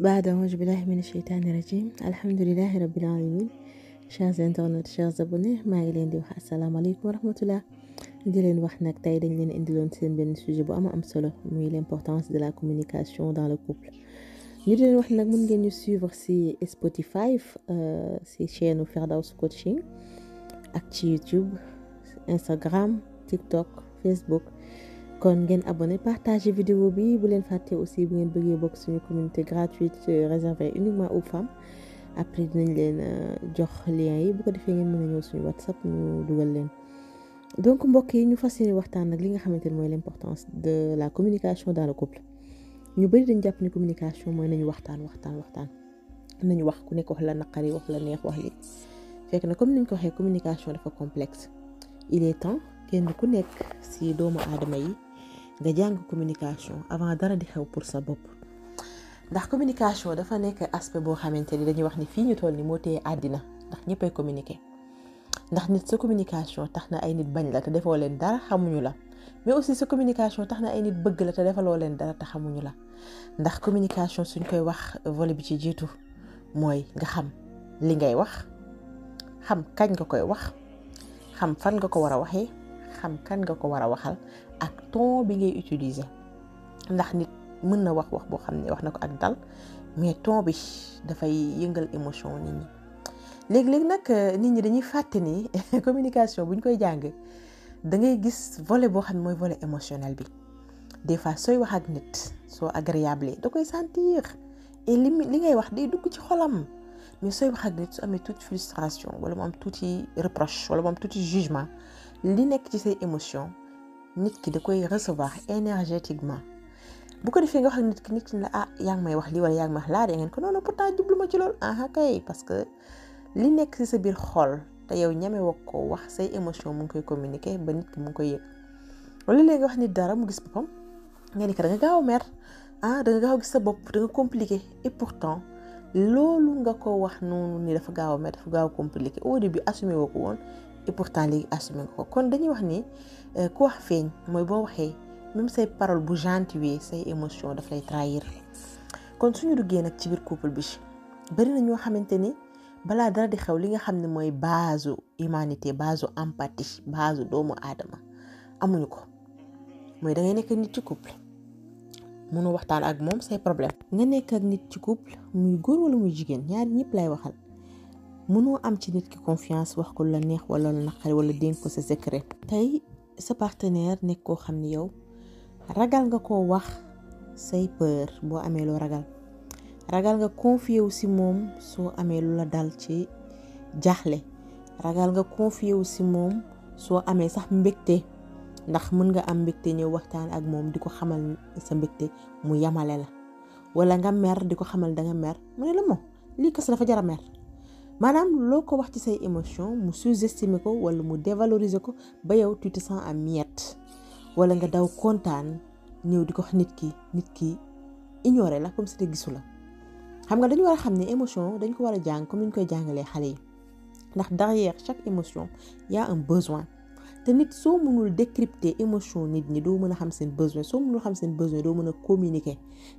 بعد أعوذ بالله من الشيطان الرجيم الحمد لله رب العالمين chers internautes chers abonnés maa ngi leen di wax asalaamaaleykum wa rahmatullah di leen wax nag tey dañ leen loon seen benn sujet bu am am solo muy l'importance de la communication dans le couple ñu di leen wax nag mën ngeen ñu suivre si Spotify si euh, chaîne Firdaws Coaching ak ci YouTube Instagram TikTok Facebook kon ngeen abonné partage vidéo bi bu leen fàtte aussi bu ngeen bëggee bokk suñu communauté gratuite euh, réservée uniquement aux femmes après dinañ leen euh, jox lien yi bu ko defee ngeen mën a ñëw suñu whatsapp ñu dugal leen donc mbokk yi ñu fas yéene waxtaan nag li nga xamante ne mooy l'importance de la communication dans le couple ñu bëri dañ jàpp ni communication mooy nañu waxtaan waxtaan waxtaan nañu wax ku nekk wax la naqari wax la neex wax li fekk na comme niñ ko waxee communication dafa complexe il est temps kenn ku nekk si doomu aadama yi nga jàng communication avant dara di xew pour sa bopp ndax communication dafa nekk aspect boo xamante ni dañuy wax ni fii ñu toll ni moo téye àddina ndax ñëppay communiquer ndax nit sa communication tax na ay nit bañ la te defoo leen dara xamuñu la mais aussi sa communication tax na ay nit bëgg la te defaloo leen dara te la ndax communication suñ koy wax volet bi ci jiitu mooy nga xam li ngay wax xam kañ nga koy wax xam fan nga ko war a waxee xam kan nga ko war a waxal ak ton bi ngay utiliser ndax nit mën na wax wax boo xam ne wax na ko ak dal mais ton bi dafay yëngal émotion nit ñi léegi-léegi nag euh, nit ñi dañuy fàtte ni communication bu ñu koy jàng dangay gis volet boo xam ne mooy volet émotionnel bi des fois sooy wax ak nit soo agréable da koy sentir li li ngay wax day dugg ci xolam mais sooy wax ak nit su amee tout frustration wala mu am tuuti reproche wala mu am tuuti jugement li nekk ci say émotion nit ki da koy recevoir énergétiquement bu ko defee nga wax ak nit ki nit ki la ah yaa ngi may wax lii wala yaa ngi may wax laa de ngeen ko non non pourtant jublu ma ci loolu ah, parce que li nekk ci sa biir xol te yow ñame woo ko wax say émotion mu ngi koy communiquer ba nit mu ngi koy yëg wala léegi wax nit dara mu gis boppam nga ni ko da nga gaaw a mer ah da sa bopp da nga compliqué et pourtant loolu nga ko wax noonu ni dafa gaaw a mer dafa gaaw a compliqué au début assumé woo ko woon te pourtant léegi assumé nga ko kon dañuy wax ni euh, ku wax feeñ mooy boo waxee même say parole bu gentil say émotion daf lay trahir kon suñu duggee nag ci biir couple bi bari na ñoo xamante ni balaa dara di xew li nga xam ne mooy base humanité base empathie base doomu aadama amuñu ko mooy da ngay nekk nit ci couple mënoo waxtaan ak moom say problème nga nekk nit ci couple muy góor wala muy jigéen ñaari ñëpp lay waxal. mënoo am ci nit ki confiance wax ko la neex wala la naqari wala dénk ko sa secret. tey sa partenaire nekk koo xam ni yow ragal nga koo wax say peur boo amee loo ragal ragal nga confier wu si moom soo amee lu la dal ci jaaxle ragal nga confier wu si moom soo amee sax mbégte ndax mën nga am mbégte ñëw waxtaan ak moom di ko xamal sa mbégte mu yamale la wala nga mer di ko xamal da nga mer mu ne la moom lii kese dafa jar mer. maanaam loo ko wax ci say émotion mu sous-estimer ko wala mu dévaloriser ko ba yow tu te am à miette wala nga daw kontaan ñëw di ko wax nit ki nit ki ignoré la comme si te gisu la xam nga dañu war a xam ne émotion dañ ko war a jàng comme ni ñu koy jàngalee xale yi ndax derrière chaque émotion yaa a un besoin te nit soo mënul décrypter émotion nit ñi doo mën a xam seen besoin soo mënul xam seen besoin doo mën a communiquer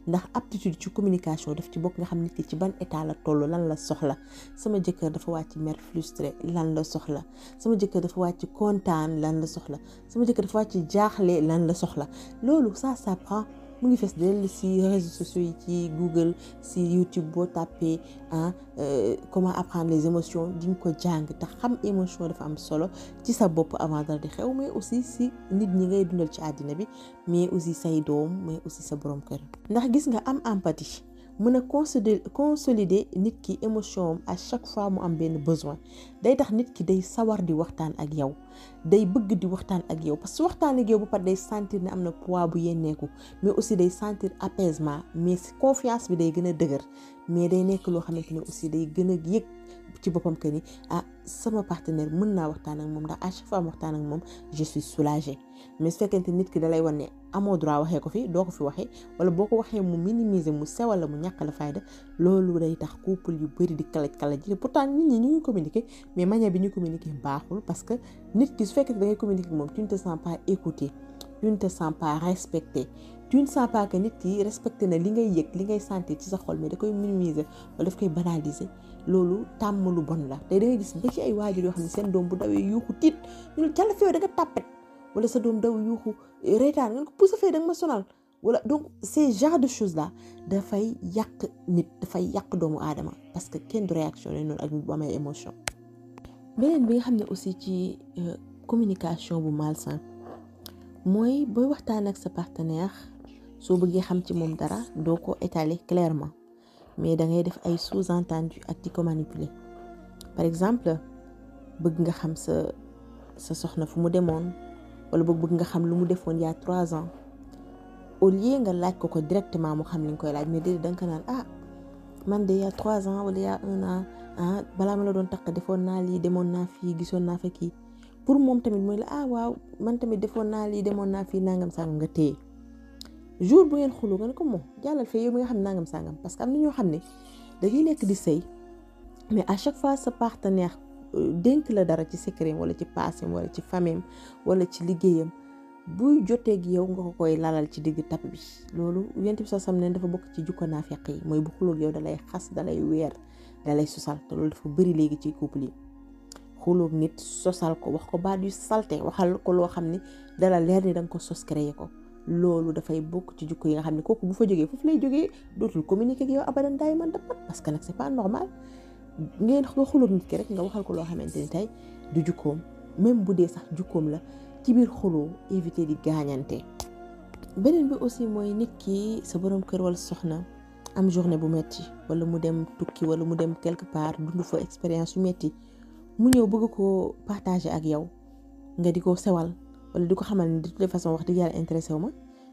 ndax aptitude ci communication def ci bokk nga xam nit ki ci ban état la toll lan la soxla sama jëkkër dafa wàcc mer frustré lan la soxla sama jëkkër dafa wàcc kontaan lan la soxla sama jëkkër dafa wàcc jaaxle lan la soxla loolu ça ça prend mu ngi fees dell si réseaux sociaux yi ci Google si YouTube boo tàppee ah euh, comment apprendre les émotions di nga ko jàng tax xam émotion dafa am solo ci sa bopp avant dara di xew mais aussi si nit ñi ngay dundal ci àddina bi mais aussi say doom mais aussi sa borom kër ndax gis nga am empathie. mën a consolider consolider nit ki émotion am à chaque fois mu am benn besoin day tax nit ki day sawar di waxtaan ak yow day bëgg di waxtaan ak yow parce que waxtaan ak yow ba pare day sentir ne am na poids bu yenneeku mais aussi day sentir apaisement mais confiance bi day gën a dëgër mais day nekk loo xamante ne aussi day gën a yëg. ci boppam que ni ah sama partenaire mën naa waxtaan ak moom ndax à chaque fois waxtaan ak moom je suis soulagée mais su fekkente nit ki dalay wan ne amoo droit waxee ko fi doo ko fi waxee wala boo ko waxee mu minimiser mu sewal la mu ñàkk la fayda loolu day tax couple yu bëri di kalaj kalaj ji pourtant nit ñi ñu ngi communiquer mais manière bi ñu communiquer baaxul parce que nit ki su fekkee da moom tu ne te tu ne te sens pas respecté. tu nit ki respecté na li ngay yëg li ngay sentir ci sa xol mais da koy minimiser wala daf koy banaliser loolu tàmm lu bon la te da gis ba ci ay waajur yoo xam ne seen doom bu dawee yuuxu tiit ñu ne jàll feew da nga tàppet wala sa doom daw yuuxu eh, reetaan nga ne ko pousa fee da ma sonal wala donc ces genre de choses là dafay yàq nit dafay yàq doomu aadama parce que kenn du noonu ak bu amee émotion beneen bi nga xam ne aussi ci euh, communication bu malsain mooy booy waxtaan ak sa partenaire soo bëggee xam ci moom dara doo ko étaler clairement mais dangay def ay sous-entendu ak di ko manipuler par exemple bëgg nga xam sa sa soxna fu mu demoon wala boog bëgg nga xam lu mu defoon yaa trois ans au lie nga laaj ko ko directement mu xam li nga koy laaj mais déedéet da nga ko naan ah man de yaa trois ans wala yaa un ah, balaa ma la doon takk defoon naa lii demoon naa fii gisoon naa fa kii pour moom tamit mooy la ah defoon naa lii demoon naa fii nangam sangam nga téye. jour bu ngeen xuloo nga ne ko moom jàllal fee yow mi nga xam ne nangam sangam parce que am na ñoo xam ne dañuy lekk di sëy mais à chaque fois sa partenaire euh, dénk la dara ci secret wala ci paasim wala ci famem wala ci liggéeyam buy jotee ak yow nga ko koy lalal ci digg tap bi loolu yonent bi sa sam ne dafa bokk ci jukko naafeq yi mooy bu xuloo ak yow dalay xas dalay weer dalay sosal te loolu dafa bëri léegi ci couple yi xuloo nit sosal ko wax ko baat yu salte waxal ko loo xam ne dala leer ni danga ko sos créé ko loolu dafay bokk ci jukko yi nga xam ne kooku bu fa jógee foofu lay jógee dootul communiquer ak yow abadan daay man dapat parce que nag c'est pas normal ngeen nga xuloon nit ki rek nga waxal ko loo xamante ni tey du jukkoom même bu dee sax jukkoom la ci biir xuloo éviter di gaañante. beneen bi aussi mooy nit ki sa borom kër wala soxna am journée bu metti wala mu dem tukki wala mu dem quelque part dund fa expérience yu metti mu ñëw bëgg ko partager ak yow nga di ko sewal. wala di ko xamal ni de toutes les façons wax dëgg yàlla intéressé wu ma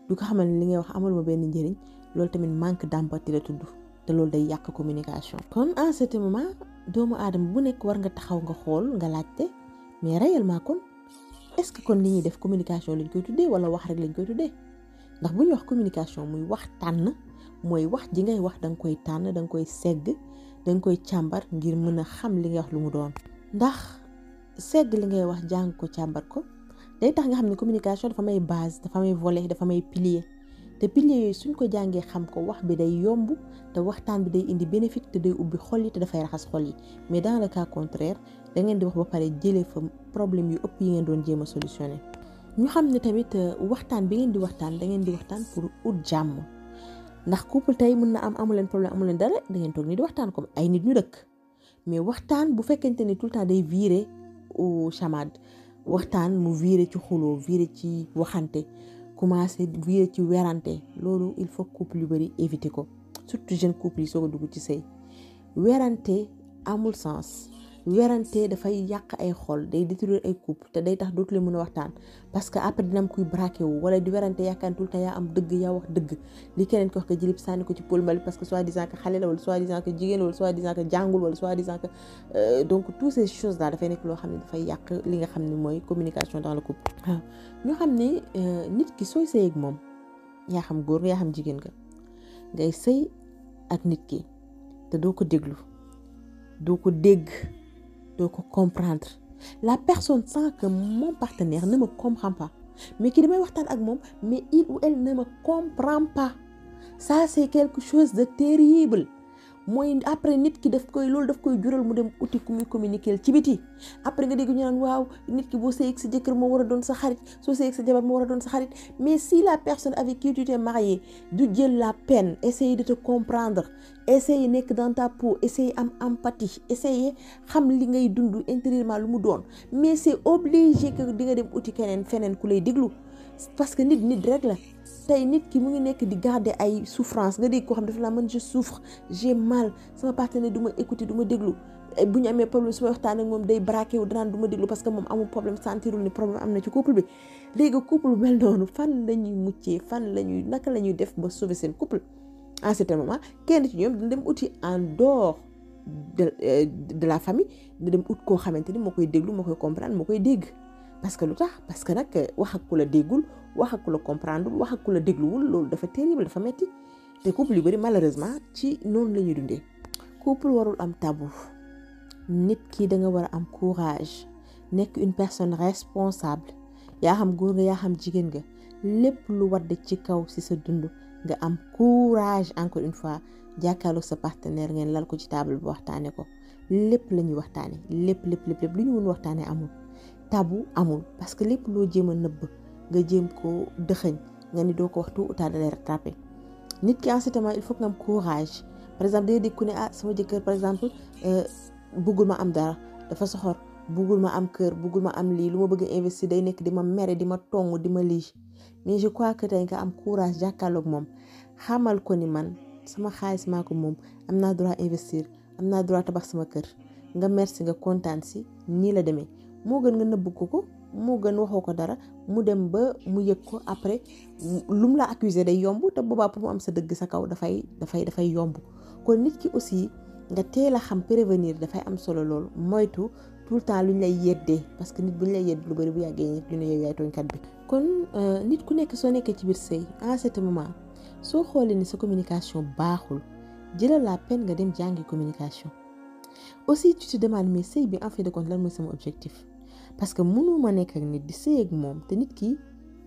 di ko xamal ni li ngay wax amul benn njëriñ loolu tamit manque d'empathie la tudd te loolu day yàq communication. kon en ce moment doomu aadama bu nekk war nga taxaw nga xool nga laajte mais réellement kon est-ce que kon li ñuy def communication lañ koy tuddee wala wax rek lañ koy tuddee ndax bu ñuy wax communication muy wax tànn mooy wax ji ngay wax da nga koy tànn da nga koy segg da nga koy càmbar ngir mën a xam li ngay wax lu mu doon. ndax segg li ngay wax jàng ko càmbar ko. day tax nga xam ne communication dafa may base dafa may volet dafa may pilier te pilier yooyu suñ ko jàngee xam ko wax bi day yomb te waxtaan bi day indi bénéfice te day ubbi xol yi te dafay raxas xol yi mais dans le cas contraire da ngeen di wax ba pare jëlee fa problème yu ëpp yi ngeen doon jéem a solutionné. ñu xam ne tamit euh, waxtaan bi ngeen di waxtaan da ngeen di waxtaan pour ut jàmm ndax couple tey mën na am amu leen problème amu leen dara da ngeen toog ni di waxtaan comme ay nit ñu dëkk mais waxtaan bu fekkente ni tout le temps day virer au chamade. waxtaan mu viré ci xuloo viré ci waxante commencé viré ci werante loolu il faut couple yu bëri éviter ko surtout jeune couple yi soo ko dugg ci sëy werante amul sens werante dafay yàq ay xol day détruire ay couple te day tax dootu leen mën a waxtaan parce que après dina am kuy braqué wu wala di werante yaakaar tout le yaa am dëgg yaa wax dëgg li keneen ko wax ko jilib sànni ko ci pôle Mali parce que soit disant que xale la wala soit disant que jigéen la wala soit disant que jàngul wala soit disant que euh, donc toutes ces choses là dafay nekk loo xam ne dafay yàq li nga xam ne mooy communication dans le couple waaw xam ne euh, nit ki sooy sëy ak moom yaa xam góor nga yaa xam jigéen nga ngay sëy ak nit ki doo ko déglu doo ko dégg doo comprendre la personne sent que mon partenaire ne me comprend pas mais ki damay waxtaan ak moom mais il ou elle ne me comprend pas ça c'est quelque chose de terrible mooy après nit ki daf koy loolu daf koy jural mu dem uti ku muy communiquer ci biti après nga dégg ñu naan waaw nit ki boo sëy ak sa jëkkër moo war a doon sa xarit soo sëy ak sa jabar moo war a doon sa xarit mais si la personne avec qui tu t'es marié du jël la peine essayer de te comprendre essayer nekk dans ta peau essayer am empathie essayer xam li ngay dund intérieurement lu mu doon mais c'est obligé que di nga dem uti keneen feneen ku lay déglu parce que nit nit rek la tey nit ki mu ngi nekk di garder ay souffrance nga dégg koo xam dafa laa man je souffre j'ai mal sama partenaire du ma écouter du déglu eh, bu ñu amee problème su ma waxtaan ak moom day braqué wu danaan du ma déglu parce que moom amul problème sentirul ni problème am na ci couple bi léegi couple bu mel noonu fan la ñuy muccee fan la ñuy naka la ñuy def ba sauver seen couple en certain moment kenn ci ñoom dina dem uti en doo de euh, de la famille dem ut koo xamante ni moo koy déglu moo koy comprendre moo koy dégg. parce que lu tax parce que nag eh, wax ak ku la déggul wax ak ku la comprendre wax ak ku la dégluwul loolu dafa terrible dafa metti te couple yu bëri malheureusement ci noonu la ñuy dundee couple warul am tabou nit ki da nga war a am courage nekk une personne responsable yaa xam góor nga yaa xam jigéen nga lépp lu war wadd ci kaw si sa dund nga am courage encore une fois jàkkaarloog sa partenaire ngeen lal ko ci table bi waxtaane ko lépp la ñuy waxtaanee lépp lépp lépp lépp lu ñu mën waxtaanee amul. tabu amul parce que lépp loo jéem a nëbb nga jéem koo dëxëñ nga ni doo ko wax tout autant da lay nit ki ensuitement il faut que nga am courage par exemple day dégg ku ne ah sama jëkkër par exemple euh, buggul ma am dara dafa soxor buggul ma am kër buggul ma am lii lu ma bëgg a investir day nekk di ma mere di ma tong di ma lii mais je crois que tey nga am courage jàkkaarloog moom xamal ko ni man sama xaalis maa ko moom am naa droit investir am naa droit sama kër nga merci nga kontaan si nii la demee moo gën nga nëbb ko ko moo gën waxoo ko dara mu dem ba mu yëg ko après lu mu la accuser day yomb te boobaa pour mu am sa dëgg sa kaw dafay dafay dafay yomb kon nit ki aussi nga teel a xam prévenir dafay am solo loolu moytu tout le temps lu ñu lay yeddee parce que nit bu ñu lay yedd lu bëri bu yàggee nit ne yow yaay bi. kon euh, nit ku nekk soo nekkee ci biir sëy en ce moment soo ni sa communication baaxul jëlal la peine nga dem jàngi communication aussi tu te demandes mais sëy bi en fait lan mooy sama objectif. parce que ma nekk ak nit di sëy ak moom te nit kii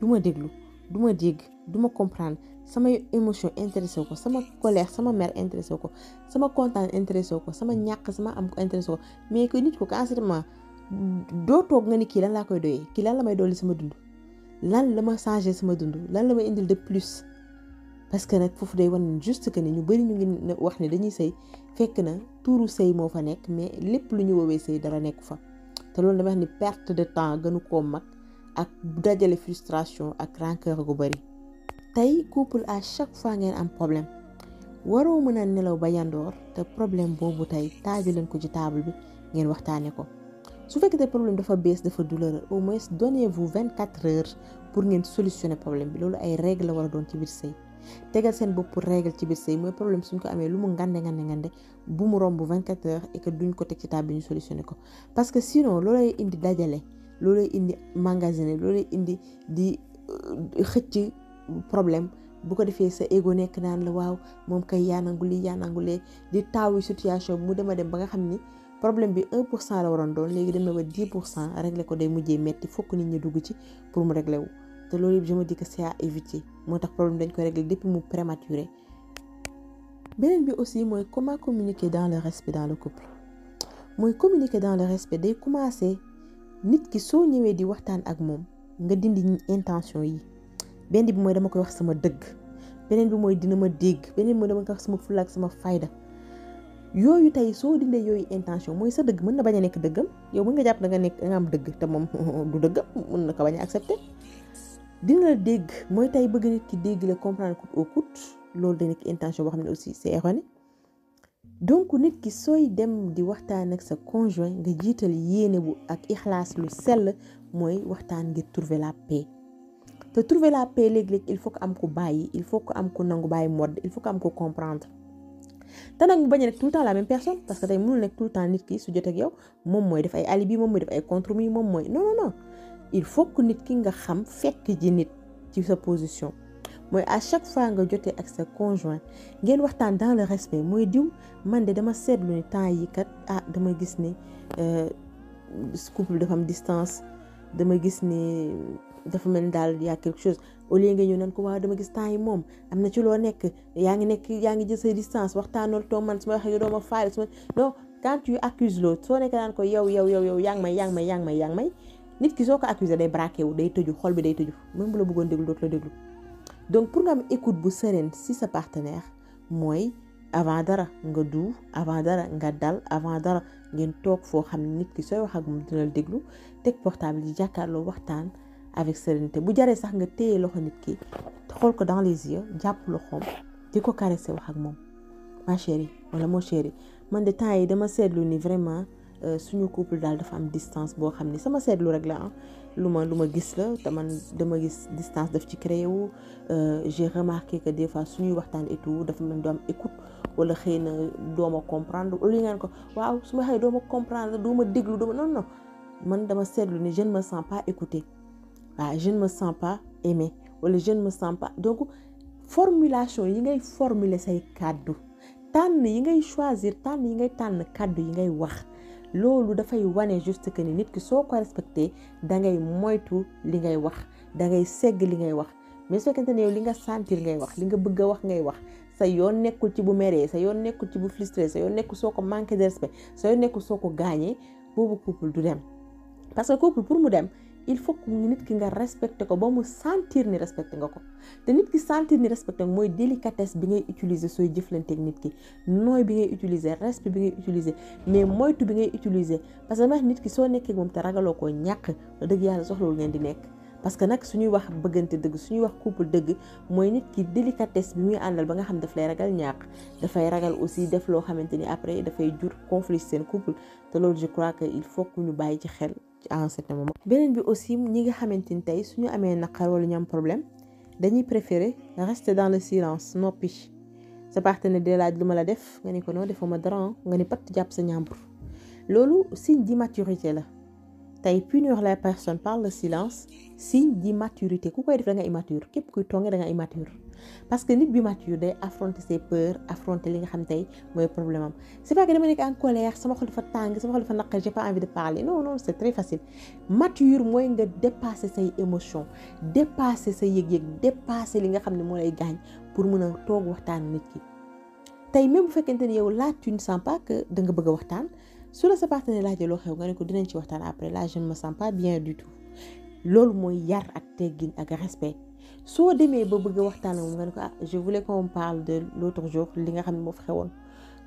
duma déglu duma ma dégg du ma comprendre samay émotion intéressé ko sama colère sama mer intéressé ko sama kontaan intéressé ko sama ñàkk sama am ko intéressé ko mais que nit ko carrément doo toog nga ni kii lan laa koy doyee kii lan la may dolli sama dundu lan la ma changé sama dund lan la may indil de plus parce que nag foofu day wan juste que ni ñu bëri ñu ngi wax ni dañuy sëy fekk na tuuru sëy moo fa nekk mais lépp lu ñu woowee sëy dara nekku fa loolu dama wax ni perte de temps gënu koo mag ak dajale frustration ak rancœur gu bëri tey couple à chaque fois ngeen am problème waroo mën a nelaw ba yandoor te problème boobu tey taaju leen ko ci table bi ngeen waxtaane ko su fekkee problème dafa bees dafa douloureux au moins donnez-vous vingt quatre heures pour ngeen solutionner problème bi loolu ay règle la war a doon ci sëy tegal seen bopp règle ci biir sëy mooy problème suñ ko amee lu mu ngande ngande ngande bu mu romb 24 heures et que duñ ko teg ci table bi ñu solutionné ko parce que sinon loolay indi dajale loolay indi magasiné loolay indi di euh, xëcc problème bu ko defee sa égo nekk naan la waaw moom kay yaanangu lii yaanangulee di taawu situation mu dem a dem ba nga xam ni problème bi 1 pour la waroon doon léegi dem na ba 10 pour cent regle ko day mujjee metti fokk nit ñi dugg ci pour mu réglé wu. te loolu yëpp je me dis que c'est moo tax problème dañ ko régler depuis mu prématuré beneen bi aussi mooy comment communiqué dans le respect dans le couple mooy communiqué dans le respect day commencer nit ki soo ñëwee di waxtaan ak moom nga dindi intention yi benn bi mooy dama koy wax sama dëgg beneen bi mooy dina ma dégg beneen bi mooy dama koy wax sama fulla ak sama fayda yooyu tey soo dindee yooyu intention mooy sa dëgg mën na bañ a nekk dëggam yow mën nga jàpp da nga nekk nga am dëgg te moom du dëggam mën ko bañ a dina la dégg mooy tey bëgg nit ki dégg la comprendre coûte au coûte loolu da nekk intention boo xam ne aussi c'est erroné donc nit ki sooy dem di waxtaan ak sa conjoint nga jiital yéene bu ak ixlaas lu sell mooy waxtaan ngir trouver la paix te trouver la paix léeg-léeg il faut que am ko bàyyi il faut que am ko nangu bàyyi modd il faut que am ko comprendre te nag mu bañ a nekk tout la même personne parce que tey mënul nekk tout le nit ki su jot moom mooy def ay alibi moom mooy def ay compromis moom mooy non il faut que nit ki nga xam fekk ji nit ci sa position mooy à chaque fois nga jotee ak sa conjoint ngeen waxtaan dans le respect mooy diw man de dama seetlu ni temps yi kat ah dama gis ne euh, couple dafa am distance dama gis ne dafa mel daal yaa quelque chose au lieu nga ñëw nan ko waaw dama gis temps yi moom am na ci loo nekk yaa ngi nekk yaa ngi jël sa distance waxtaanal toog man su ma waxee yow doo ma faale su ma non quand tu accuses l'autre soo nekk naan ko yow yow yow yow yaa ngi may yaa ngi may yaa may nit ki soo ko accusé day braqué wu day tëju xool bi day tëju moom bu la bëggoon déglu dootu la déglu donc pour nga écoute bu sereine si sa partenaire mooy avant dara nga du avant dara nga dal avant dara ngeen toog foo xam ne nit ki sooy wax ak moom dina la déglu teg portable yi jàkkaarloo waxtaan avec sérénité bu jaree sax nga téye loxo nit ki xool ko dans les yeux jàpp loxoom di ko caressé wax ak moom ma chérie wala mon man de temps yi dama seetlu ni vraiment. Euh, suñu couple daal dafa am distance boo xam ni sama seetlu rek la am ah. lu ma lu ma gis la te man dama gis distance daf ci créé wu euh, j'ai remarqué que des fois suñuy waxtaan et tout dafa mel doo am écoute wala xëy na doo ma comprendre lu ko waaw su ma xëy doo ma comprendre dooma déglu doo ma non non man dama seetlu ni je ne me sens pas écouté waaw ah, je ma me sens pas aimé wala je ne me sens formulation yi ngay formuler say kàddu tànn yi ngay choisir tànn yi ngay tànn kàddu yi ngay wax. loolu dafay wane juste que ni nit ki soo ko respecté da ngay moytu li ngay wax da ngay segg li ngay wax mais su fekkente ne li nga sentir ngay wax li nga bëgg a wax ngay wax sa yoon nekkul ci bu meree sa yoon nekkul ci bu frustré sa yoon nekkul soo ko manqué de respect sa yoon nekkul soo ko gaañee boobu couple du dem parce que couple pour mu dem. il faut que nit ki nga respecté ko ba mu sentir ni respecté nga ko te nit ki sentir ni respecté nga mooy délicatesse bi ngay utiliser sooy jëflanteeg nit ki nooy bi ngay utiliser respect bi ngay utiliser mais moytu bi ngay utiliser parce que nit ki soo nekkee moom te ragaloo ko ñàkk dëgg yàlla soxla soxlawul ngeen di nekk. parce que nag suñuy wax bëggante dëgg suñuy wax couple dëgg mooy nit ki délicatesse bi muy àndal ba nga xam daf lay ragal ñàkk dafay ragal aussi def loo xamante ni après dafay jur conflit seen couple te loolu je crois que il faut que ñu bàyyi ci xel ci en certain moment. beneen bi aussi ñi nga xamante ni tey suñu amee naqar wala ñu problème dañuy préférer rester dans le silence noppi sa partenaire di laaj lu ma la def nga ne ko non defuma dara nga ne pat jàpp sa ñàmbur loolu signe d'immaturité la. tey punir la personne par le silence signe maturité ku koy def da nga képp kuy tonge da nga immature parce que nit bi mature day affronter ses peurs affronter li nga xam ne mooy problème am c'est pas que dama nekk en colère sama xol dafa tàng sama xol mooy nga dépasser say émotion dépasser sa yëg-yëg dépasser li nga xam ne moo lay gaañ pour mën a toog waxtaan nit ki tey même bu fekkente ne yow là tu ne sens pas que da nga bëgg a waxtaan su la sa partenaire laajee loo xew nga ne ko dinañ ci waxtaan après la je ne me sens pas bien du tout loolu mooy yar ak teggin ak respect soo demee ba bëgg a waxtaan moom nga ne ko ah je voulais qu'on parle de l'autre jour li nga xam ne moo fi xewoon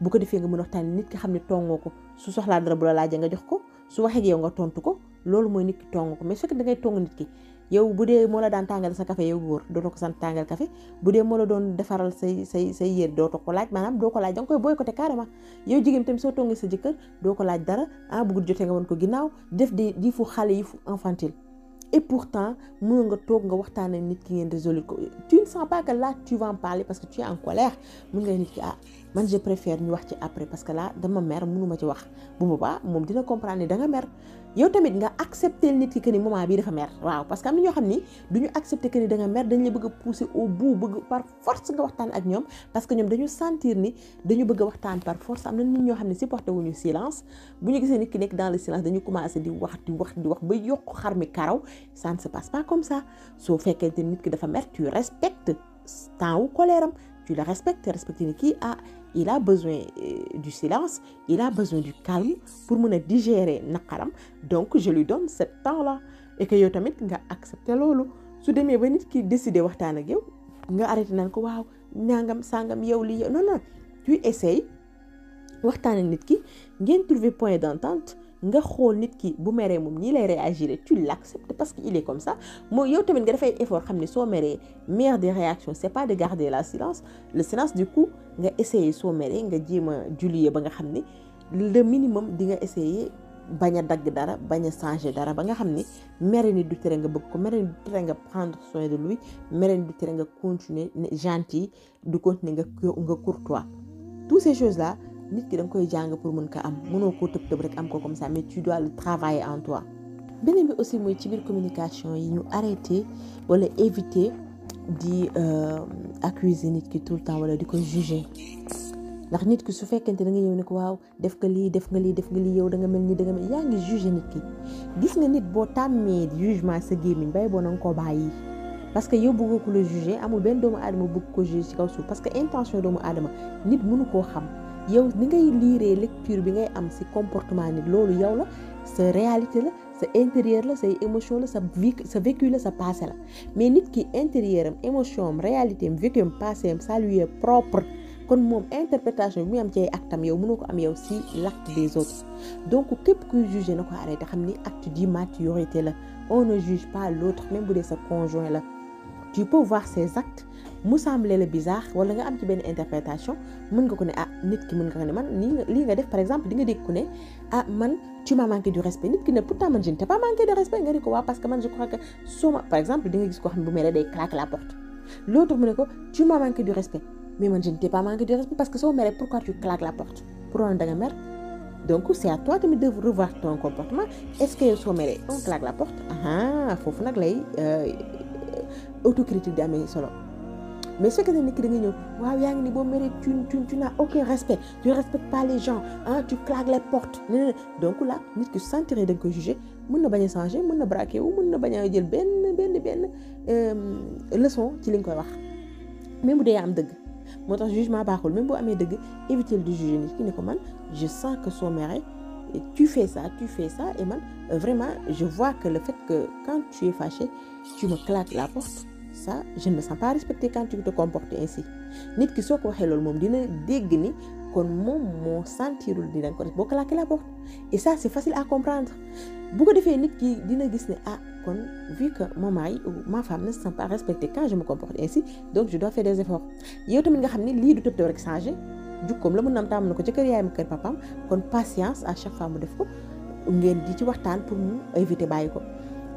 bu ko defee nga mën waxtaan nit ki xam ne tongoo ko su soxlaa dara bu la laajee nga jox ko su waxee ak yow nga tontu ko loolu mooy nit ki tong ko mais su fekkee ngay tong nit ki yow bu dee moo la daan tàngal sa kafe yow góor dootoo ko sant tàngal café bu dee moo la doon defaral say say say yére dootoo ko laaj maanaam doo ko laaj danga koy boycotté carrément yow jigéen tamit soo toogee sa jëkkër doo ko laaj dara ah bu jotee nga woon ko ginnaaw def di di fu xale yi fu infantile et pourtant mën nga toog nga waxtaan ak nit ki ngeen résoudre ko tu ne sens pas que là tu parler parce que tu en colère mën nga nit ki ah man je préfère wax ci après parce que là dama mer mënuma ci wax moom dina comprendre danga mer. yow tamit nga accepter nit ki que ni moment bii dafa mer waaw parce que am na ñoo xam ni du ñu accepter que ni da nga mer dañ la a pousser au bout bëgg par force nga waxtaan ak ñoom parce que ñoom dañu sentir ni dañu bëgg a waxtaan par force am na nit ñoo xam ne supporter wuñu silence bu ñu gisee nit ki nekk dans le silence dañu commencé di wax di wax di wax ba yokk xar mi karaw ça ne se passe pas comme ça soo fekkente nit ki dafa mer tu respectes temps wu colère kii ah. il a besoin euh, du silence il a besoin du calme pour mën a digere naqaram donc je lui donne ce temps là et que yow tamit nga accepter loolu su demee ba nit ki décider waxtaan ak yow nga arrêté naan ko waaw nangam sangam yow li yow non non tu essayes waxtaan ak nit ki ngeen trouver point d'entente nga xool nit ki bu meree moom nii lay réagir tu l'acceptes parce que il est comme ça mooy yow tamit nga dafay effort xam ne soo meree meilleure des réactions c'est pas de garder la silence le silence du coup nga essayer soo meree nga jéem a julie ba nga xam ne le minimum di nga essayer bañ a dagg dara bañ a changer dara ba nga xam ni mere ni du tere nga bëgg ko mere ni du tere nga prendre soin de lui mere ni du tere nga continuer gentil du continuer nga nga courtois toutes ces nit ki da koy jàng pour mën ko am mënoo koo tëb tëb rek am ko comme ça mais tu dois le travailler en toi. beneen bi aussi mooy ci biir communication yi ñu arrêter wala éviter di euh, accuser nit ki tout le temps wala di ko juger ndax nit ki su fekkente da nga ñëw ne ko waaw def nga lii def nga lii def nga lii yow da nga mel nii danga mel yaa ngi juger nit ki gis nga nit boo tàmmee jugement sa gémmiñ bay boo na nga koo bàyyi. parce que yow bëggoo ko la juger amul benn doomu aadama bëgg ko juger ci kaw parce que intention doomu aadama nit mënu koo xam. yow ni ngay liiree lecture bi ngay am ci comportement nit loolu yow la sa réalité la sa intérieur la say émotion la sa vie sa vécu la sa passé la mais nit ki intérieur am émotion am réalité am vécu am passé am ça propre kon moom interprétation bi muy am ci ay acte am ko am yow ci l'acte des autres donc képp kuy jugé na ko arrêté xam ni acte d'immaturité la on ne juge pas l'autre même bu dee sa conjoint la tu peux voir ses actes mu semblé la bizarre wala nga am ci benn interprétation mën nga ko ne ah nit ki mën nga ko ne man lii nga lii nga def par exemple di nga dégg ku ne ah man tu m'as du respect nit ki ne pourtant man je ne t'ai pas manqué de man je crois que par exemple di nga gis koo xam ne bu mel ne day claque la porte l'autre mu ne ko tu m'as du respect mais man je ne t'ai pas manqué de respect parce que soo meree pourquoi tu la porte pour woon da mer donc c'est à toi ah, euh, solo. mais su fekkee ne nit ki da nga ñëw waaw yaa ngi ni boo meree tu na tu n'as aucun respect tu ne respectes pas les gens tu claques les portes donc là nit ki sentir da nga koy jugé na bañ a changé mën na braqué wu mën na bañ a jël benn benn benn euh, leçon ci li nga koy wax même bu dee am dëgg moo tax jugement baaxul même boo amee dëgg éviter de juger nit ki ne ko man je sens que soo meree tu fais ça tu fais ça et man euh, vraiment je vois que le fait que quand tu es fâché tu la porte sa je ne me sens pas respectée quand tu te comportes ainsi nit ki soo ko waxee loolu moom dina dégg ni kon moom moo sentirul di danga ko def boo ko laajte la porte et ça ko defee nit ki dina gis ne ah kon vu que mon mari ou ma femme ne se sent pas respectée quand je me comporte ainsi donc je dois faire des efforts yow tamit nga xam ne lii du tëb rek changer jukkoom la mun naam taamu na ko ci kër yaayam kër papam kon patience à chaque fois mu def ko ngeen di ci waxtaan pour mu éviter bàyyi ko.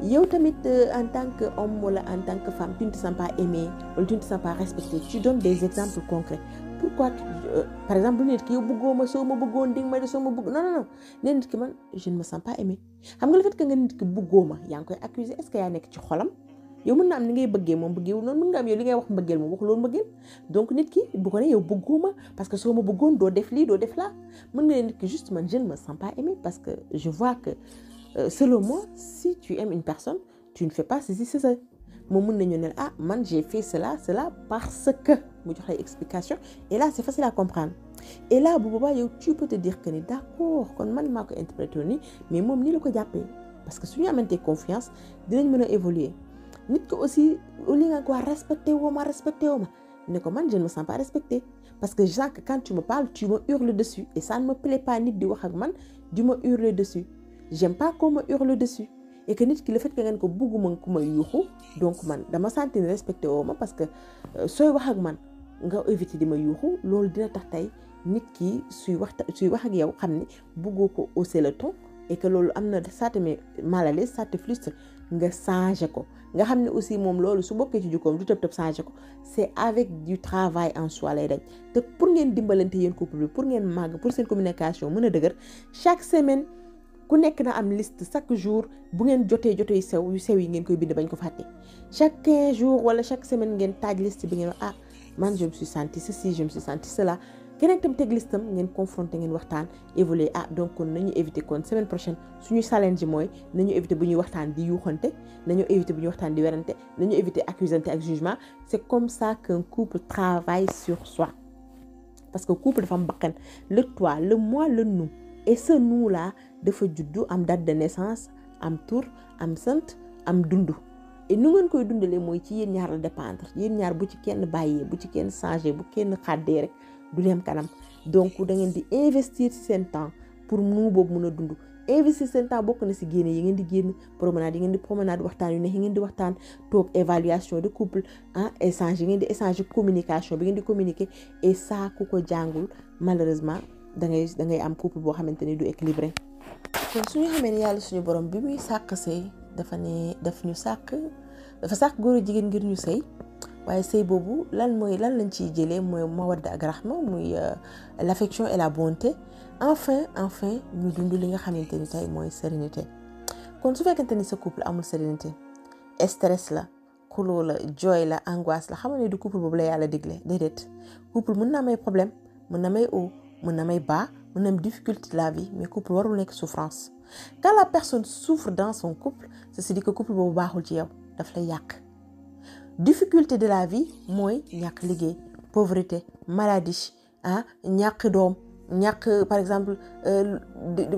yow tamit euh, en tant que homme wala en tant que femme tu ne te sens pas aimé wala tu ne te sens pas respecté tu donnes des exemples concrets pourquoi euh, par exemple nit ki yow bëggoo ma soo ma bëggoon di nga ma de nit ki man je ma yaa ngi nekk ci xolam yow mën na am ni nga am yow li ngay wax mbëggeel moom waxu loolu mbëggeel donc nit ki bu ko lii doo def laa mën nga ne nit parce que je vois que euh, selon moi si tu aimes une personne tu ne fais pas ceci ceci moom mën nañu ne ah man j'ai fait cela cela parce que mu jox lay explication et là c'est facile à comprendre et là bu boobaa yow tu peux dire que ni d'accord kon man maa ko interprété nii mais moom nii la ko jàppee parce que suñu amante confiance dinañ mën a évoluer nit ko aussi au lieu nga ko respecté woo ma respecté woo ma ne ko man je ne me sens pas respecté parce que je sens que quand tu me parles tu me hurles dessus et wax ak man du ma hurler dessus j'aime pas qu'on me hurle dessus et nit ki la fait que ngeen ko bugguma ku ma yuuxu donc man dama santi respecté woo ma parce que euh, sooy wax ak man nga éviter di ma yuuxu loolu dina tax tey nit ki suy wax suy wax ak yow xam ni buggoo ko hausser le ton et loolu am na ça te met mal à l'aise ça te nga changé ko nga xam ne aussi moom loolu su bokkee ci jukkoom du tëb tëb changé ko c'est avec du travail en soi lay dañ te pour ngeen dimbalante pour ngeen màgg pour seen communication mën a dëgër chaque semaine ku nekk na am liste chaque jour bu ngeen jotee jotee yu sew yu sew yi ngeen koy bind bañ ko fàtte chaque quinze jours wala chaque semaine ngeen taaj liste bi ngeen wax ah man je me suis cela keneen itam teg listam ngeen confronté ngeen waxtaan évoluer ah donc kon nañu éviter kon semaine prochaine suñu challenge ji mooy nañu éviter bu ñuy waxtaan di yuuxante nañu éviter bu ñuy waxtaan di werante nañu éviter accusante ak jugement c'est comme ça soi parce que couple dafa am bakkan le toi le moi le nous et ce nous dafa juddu am date de naissance am tur am sant am dundu et nu ngeen koy dundalee mooy ci yéen ñaar la dépendre ñaar bu ci kenn bàyyee bu ci kenn changé bu kenn xàddee rek du dem kanam donc da ngeen di investir ci seen temps pour mu boobu mën a dund investir seen temps bokk na si génne yi ngeen di génn promenade yi ngeen di promenade waxtaan yu neex yi ngeen di waxtaan toog évaluation de couple ah échange yi ngeen communication bi ngeen di communiquer et ku ko jàngul malheureusement da ngay da am couple boo xamante ni du équilibré kon suñu xamee ni yàlla suñu borom bi muy sàkk sëy dafa ne daf ñu sàkk dafa sàkk góor jigéen ngir ñu sëy waaye sëy boobu lan mooy lan lañ ciy jëlee mooy mawadda ak raxma muy euh, l'affection et la bonté enfin enfin ñu dund li nga xamante ni sax mooy sérénité kon su fekkente ni sa couple amul sérénité stress la xuloo la jooy la angoisse la xam ne du couple boobu la yàlla digle déedéet couple mën na am ay mën na may baax mun na am difficulté de la vie mais couple warul nekk souffrance quand la personne souffre dans son couple ceci dit que couple boobu baaxul ci yow daf lay yàq difficulté de la vie mooy ñàkk liggéey pauvreté maladie ah ñàkk doom ñàkk par exemple euh,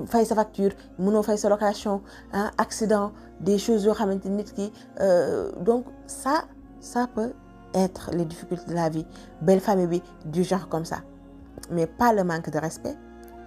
fay sa facture mënoo fay sa location ah accident des choses yoo xamante nit ki euh, donc ça ça peut être les difficultés de la vie belle famille bi du genre comme ça mais pas le manque de respect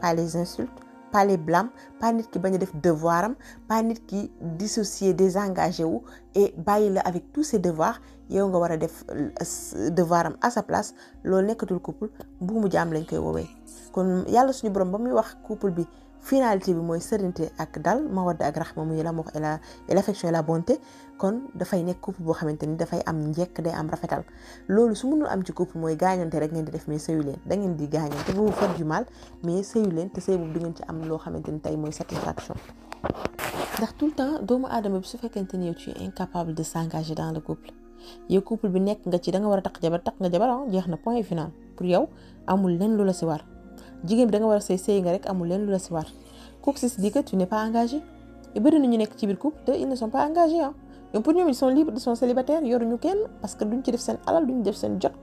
pas les insultes pas les blâmes pas nit ki bañ a def devoir am pas nit ki dissocier désengagé wu et bàyyi la avec tous ses devoirs yow nga war a def euh, devoir am à sa place loolu nekkatul couple buumu jaam lañ koy woowee kon yàlla suñu borom ba muy wax couple bi finalité bi mooy sérénité ak dal mawadda ak raxma muy la moox la l'affection et la bonté kon dafay nekk couple boo xamante ni dafay am njekk day am rafetal loolu su mënul am ci couple mooy gaañante rek ngeen di def mais sëyu leen da ngeen di gaañante boobu fat du mal mais sëyu leen te sëy boobu du ngeen ci am loo xamante ni tey mooy satisfaction ndax tout le temps doomu aadama bi su fekkente ni yow tu es incapable de s'engager dans le couple yow couple nekk nga ci da nga war a takk jabar takk nga jabar ah, jeex na point final pour amul lenn lu si war jigéen bi da nga war a sëy sëy nga rek amul leen lu la si war kooku si dit que tu n'es pas engagé bëri na ñu nekk ci biir couple te ils ne sont pas engagés ah ñoom pour ñoom ils sont libres ils sont célibataires yoruñu kenn parce que duñ ci def seen alal duñ def seen jot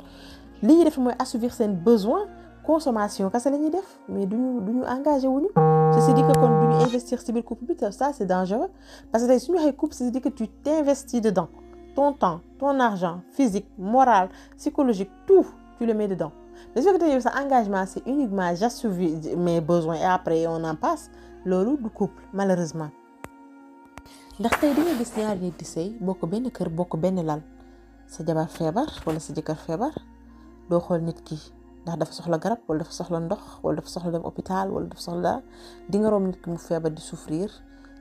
li ñuy def mooy assouvir seen besoin consommation kese la ñuy def mais duñu duñu engagé wuñu ceci dit que kon duñu investir ci biir couple bi te ça c'est dangereux parce que tey suñu waxee couple ceci dit que tu t'investis dedans ton temps ton argent tu le mets le fait que yow sa engagement c'est uniquement j'assouvir mais besoins et après on en passe loolu du couple malheureusement ndax tey di nga gis ñaari nit di sëy bokk benn kër bokk benn lal sa jabar feebar wala sa jëkkër feebar doo xool nit ki ndax dafa soxla garab wala dafa soxla ndox wala dafa soxla dem hôpital wala dafa soxla di nga room nit ki mu feebar di souffrir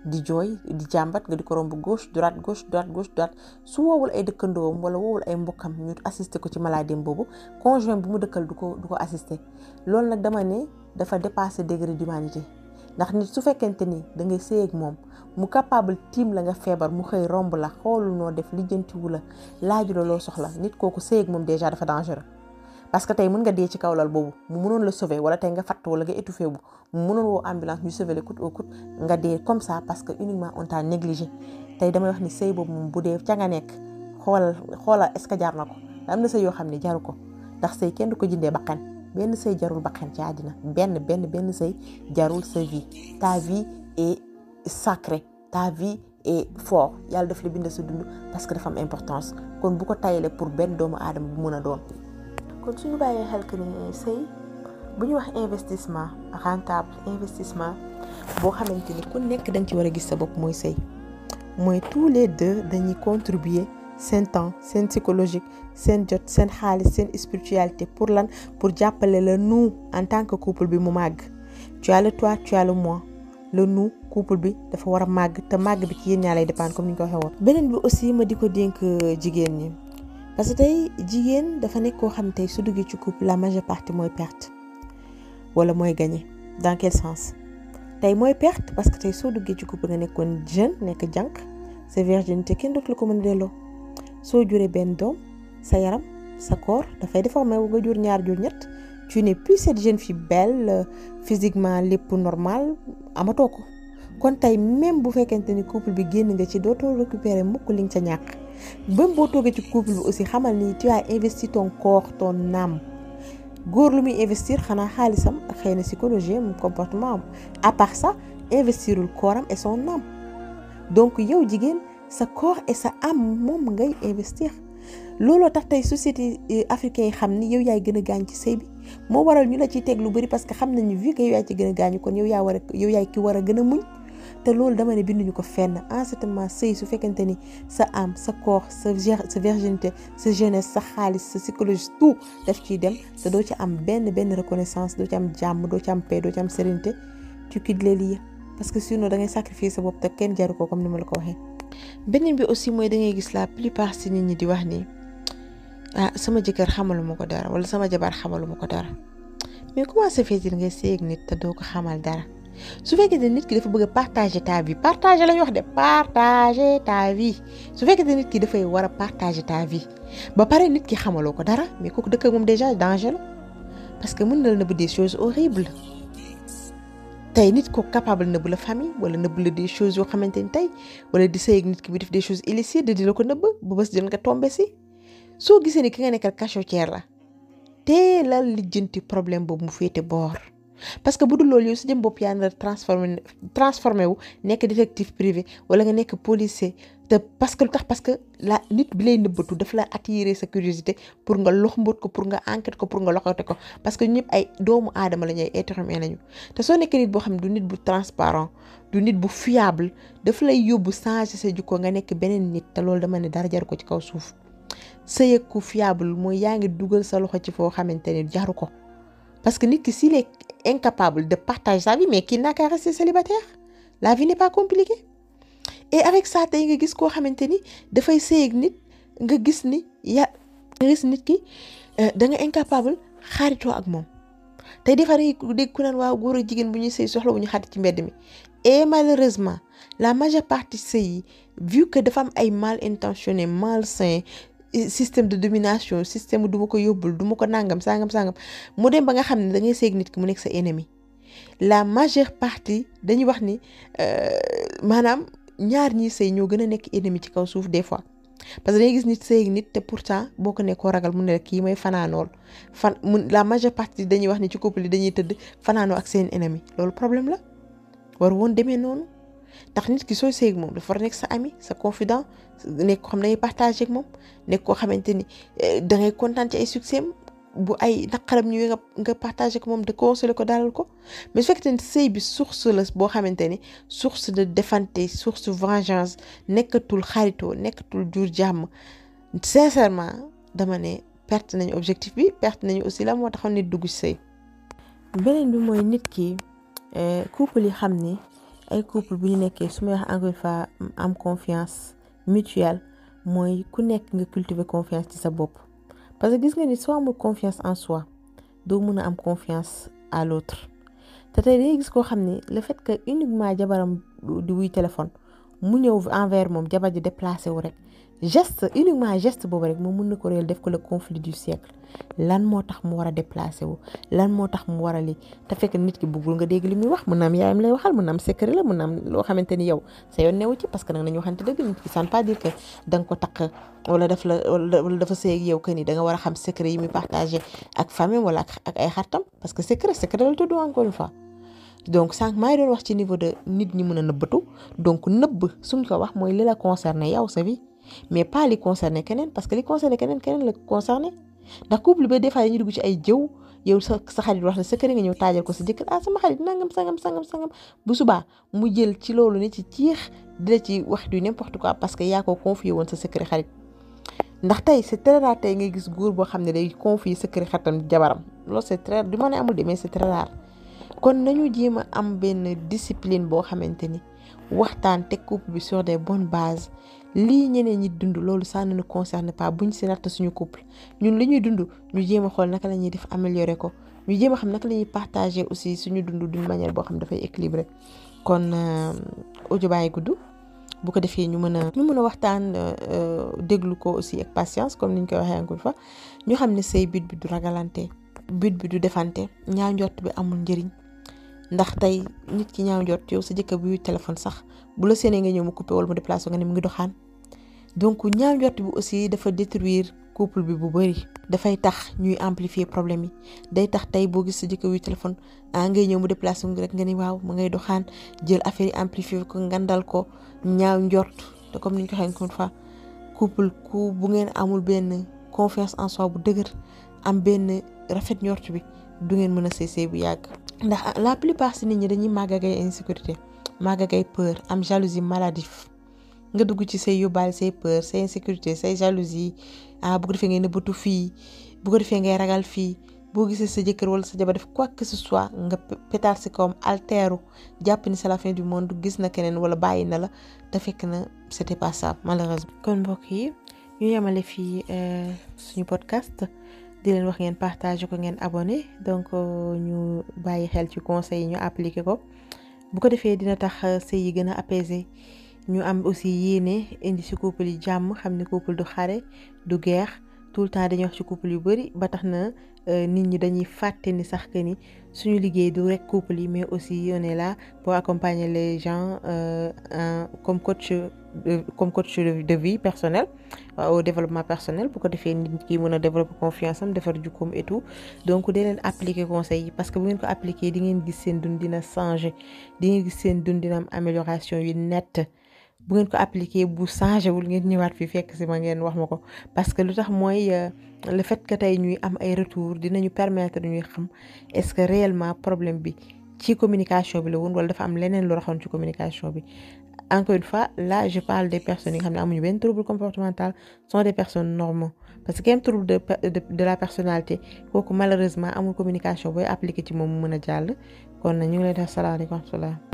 di jooy di jàmbat nga di ko romb gauche droite gauche droite gauche droite su woowul ay dëkkandoom wala woowul ay mbokkam ñu assister ko ci maladie boobu conjoint bu mu dëkkal du ko du ko assister loolu nag dama ne dafa dépasser degré d'humanité ndax nit su fekkente ni da ngay sëy moom mu capable tiim la nga feebar mu xëy romb la xoolu noo def lijjantiwu la laaju la loo soxla nit kooku sëy ak moom déjà dafa dangereux parce que tey mën nga dee ci kaw lal boobu mu mënoon la sauver wala tey nga fatt wala nga étouffé wu mu mënoon woo ambulance ñu sauver la coûte au nga dee comme ça parce que uniquement on t'a négligé tey damay wax ni sëy boobu moom bu dee ca nga nekk xoolal xoolal est ce que jar na ko am na sëy yoo xam ne jaru ko ndax sëy kenn du ko jëndee bakkan benn sëy jarul bakkan ci àddina benn benn benn sëy jarul sa vie ta vie est sacrée ta vie est fort yàlla daf la bind sa dund parce que dafam importance kon bu ko tayalee pour benn doomu aadama bu mën a doon kon suñu bàyyee xel que ni sëy bu ñu wax investissement rentable investissement boo xamante ni ku nekk dañ ci war a gis sa bopp mooy sëy mooy tous les deux dañuy contribuer seen temps seen psychologique seen jot seen xaalis seen spiritualité pour lan pour jàppale la nous en tant que couple bi mu màgg tu as le toi tu as le moi couple bi dafa war a màgg te màgg bi ci yéen ñaa lay dépendre comme ni ñu ko waxee beneen bi aussi ma di ko dénk jigéen ñi parce que tey jigéen dafa nekk koo xam tey su duggee ci couple la majeure partie mooy perte wala mooy gagné dans quel sens tey mooy perte parce que tey soo duggee ci couple nga nekkoon jeune nekk jànq sa virginité kenn dootu ko mën delloo soo juree benn doom sa yaram sa corps dafay déformé wu nga jur ñaar jur ñett tu n'es plus cette jeune fille belle euh, physiquement lépp normal amatoo ko kon tey même bu fekkente ni couple bi génn nga ci dootoo récupérer mukk li nga ca ñàkk. même boo toogee ci couple bi aussi xamal ni ti as investi ton corps ton naam góor lu muy investir xanaa xaalisam ak xëy na psychologie am comportement am à part ça investirul corps am et donc yow jigéen sa corps et sa âme moom ngay investir looloo tax tey société euh, africaine yi xam ni yow yaay gën a gaañ ci sëy bi moo waral ñu la ci teg lu bari parce que xam nañu vu que yow yaa ci gën a gaañu kon yow yaa war a yow yaay ki war a gën a muñ. te loolu dama ne binduñu ko fenn en certainement sëy su fekkente ni sa âme sa corps sa sa virginité sa jeunesse sa xaalis sa psychologie tout daf ciy dem te doo ci am benn benn reconnaissance doo am jàmm doo ci am paix doo ci am sérénité tu parce que sinon da ngay sacrifier sa bopp te kenn jaru ko comme ni ma ko waxee. beneen bi aussi mooy da ngay gis la plupart si nit ñi di wax nii ah sama jëkkër xamalu ma ko dara wala sama jabar xamalu ma ko dara mais comment se fait-il ngay sëy nit te doo ko xamal dara. su fekkee ne nit ki dafa bëgg a partager ta vie partager la ñuy wax de partager ta vie su fekkee ne nit ki dafay war a partager ta vie ba pare nit ki xamaloo ko dara mais kooku dëkk moom déjà danger la parce que mën na la nëbb des choses horribles tey nit ko capable nëbb la famille wala nëbb la des choses yoo xamante ni tey wala di sëy ak nit ki bi def des choses illicites di la ko nëbb bu bés dina nga tombé si soo gisee ni ki nga nekkal cachotière la teelal lijjanti problème boobu mu féete boor. parce que bu dul loolu yow si jëm bopp yaa ngi transformé wu nekk détective privé wala nga nekk policier te parce que lu tax parce que la nit bi lay nëbbatu daf la attirer sa curiosité pour nga lox mboot ko pour nga enquête ko pour nga loxote ko parce que ñëpp ay doomu aadama la ñuy ay être humain te soo nekkee nit boo xam ne du nit bu transparent du nit bu fiable daf lay yóbbu changer sa jikko nga nekk beneen nit te loolu dama ne dara jaru ko ci kaw suuf sëyeeg ku fiable mooy yaa ngi dugal sa loxo ci foo xamante ne jaru ko. Parce que nit ki s'il est incapable de partager sa vie, mais qu'il n'a qu'à rester célibataire, la vie n'est pas compliquée. Et avec ça, tu as vu qu'on a fait des nit nga gis ni ya gis nit ki euh, da nga incapable xaaritoo ak moom tey des fois dégg ku naan waaw góor jigéen bu ñuy sëy soxla wu ñu xarit ci mbedd mi et malheureusement la majeure partie sëy vu que dafa am ay mal intentionné malsain système de domination système duma ko yóbbul duma ko nangam sangam sangam mu dem ba nga xam ne da ngay seeg nit ki mu nekk sa ennemi la majeure partie dañuy wax ni euh, maanaam ñaar ñiy sëy ñoo gën a nekk ennemi ci kaw suuf des fois parce que dañuy gis nit seeg nit te pourtant boo ko nekkoo ragal mu ne la kii may fanaanool fan mun la majeure partie dañuy wax ni ci couple yi dañuy tëdd fanaanoo ak seen ennemi loolu problème la war woon demee noonu. ndax nit ki sooy sëy ak moom dafa war a sa ami sa confident nekk ko xam ne dangay partagé ak moom nekk koo xamante ni eh, dangay kontaan ci ay bu ay naqaram ñëwee nga nga partagé ak moom de consolé ko dalal ko mais su fekkee ne sëy bi source la boo xamante ni source de défante source vengeance nekkatul xaritoo nekkatul jur jàmm sincèrement dama ne perte nañu objectif bi perte nañu aussi la moo taxoon nit dugg ci sëy mooy nit ki eh, couple yi xam ni ay couple bu ñu nekkee su may wax encore une fois am confiance mutuelle mooy ku nekk nga cultiver confiance ci sa bopp parce que gis nga ni soo amul confiance en soi doo mën a am confiance à l'autre te tey dañuy gis koo xam ne le fait que uniquement jabaram di wuy téléphone mu ñëw envers moom jabar ji déplacé wu rek jest uniquement geste boobu rek moom mun na ko réel def ko la conflit du siècle lan moo tax mu war a déplacé wu lan moo tax mu war a li te fekk nit ki bëggul nga dégg li muy wax mën na am yaayam lay waxal mën na am secret la mën na am loo ni yow sa yoon parce que nag nañu waxante ne pas dire que da nga ko takk wala daf la wala dafa sëy yow que ni da nga war a xam secret yi muy partagé ak famille wala ak ay xartam parce que secret secret la tudd encore une fois donc sànq maa doon wax ci niveau de nit ñi mën a nëbbatu donc nëbb suñ ko wax mooy li la concerné yow sa vie mais pas li concerné keneen parce que li concerné keneen keneen la concerné ndax couple ba des fois dañuy dugg ci ay jëw yow sa sa xarit wax la sa kër nga ñëw taajal ko sa jëkkër ah sama xarit nangam sangam sangam sangam bu subaa mu jël ci loolu ne ci ciix di la ci wax du n'importe quoi parce que yaa ko confié woon sa secret xarit ndax tey c'est très rare tey gis góor boo xam ne day confié secret xaritam jabaram loolu c'est très du ma ne amul de mais c'est très rare kon nañu jéem a am benn discipline boo xamante ni waxtaan teg couple des bonnes bases lii ñeneen ñi dund loolu ça ne nous concerne pas buñ si natt suñu couple ñun li ñuy dund ñu jéem a xool naka la ñuy def améliorer ko ñu jéem xam naka lañuy ñuy partager aussi suñu dund d'une manière boo xam dafay équilibré kon euh, audio bàyyi gudd bu ko defee ñu mën a ñu mën a waxtaan euh, déglu ko aussi ak patience comme niñ koy waxee encore fa ñu xam ne say but bi du ragalante but bi du defante ñaaw njort bi amul njariñ ndax tey nit ki ñaaw njort yow sa jëkkër buy téléphone sax bu la séenee nga ñëw mu coupé wala mu déplacé nga ne mu ngi doxaan donc ñaaw njort bi aussi dafa détruire couple bi bu bëri dafay tax ñuy amplifier problème yi day tax tey boo gis sa jëkkër yu téléphone ah ngay ñëw mu déplacé wu rek nga ni waaw mu ngay doxaan jël affaire yi amplifier ko ngandal ko ñaaw njort te comme ni ñu ko waxee une fois couple ku bu ngeen amul benn confiance en soi bu dëgër am benn rafet njort bi du ngeen mën a séesee bu yàgg. ndax ah, la plupart si nit ñi dañuy màgg ak ay insécurité màgg ak ay am jalousie maladif. nga dugg ci say yóbbaale say peur say insécurité say jalousie ah bu ko defee ngay nëbbatu fii bu ko defee ngay ragal fii boo gisee sa jëkkër wala sa jabar def quoi que ce soit nga pétaar si kawam alteeru jàpp ni c'est la fin du monde gis na keneen wala bàyyi na la te fekk na c'était pas ça malheureusement. kon mbokk yi ñu yemale fii euh, suñu podcast di leen wax ngeen partage ko ngeen abonné donc euh, ñu bàyyi xel ci conseil yi ñu appliqué ko bu ko defee dina tax euh, ñu am aussi yéene indi ci couple yi jàmm xam ne couple du xare du guerre tout le temps dañuy wax ci couple yu bëri ba na euh, nit ñi dañuy fàtte ni sax que ni suñu liggéey du rek couple yi mais aussi on la là pour accompagner les gens euh, un, comme coach euh, comme coach de vie personnelle euh, au développement personnel bu ko defee nit ki mën a développer confiance am defar jukkoom et tout donc dee leen appliquer conseils parce que bu ngeen ko appliquer di ngeen gis seen dina changer di ngeen gis seen dund dina am amélioration yu nett bu ngeen ko appliqué bu changé wul ngeen ñëwaat fi fekk si ma ngeen wax ma ko parce que lu tax mooy euh, le fait que tey ñuy am ay retour dinañu permettre ñuy xam est-ce que réellement problème bi ci communication bi la woon wala dafa am leneen lu raxoon ci communication bi encore une fois là je parle des personnes yi nga xam ne amuñu benn trouble comportemental sont des personnes normaux parce que kenn trouble de de de la personnalité kooku malheureusement amul communication booy appliqué ci moom mu mën a jàll kon ñu ngi lay def salaamaaleykum wa rahmatulah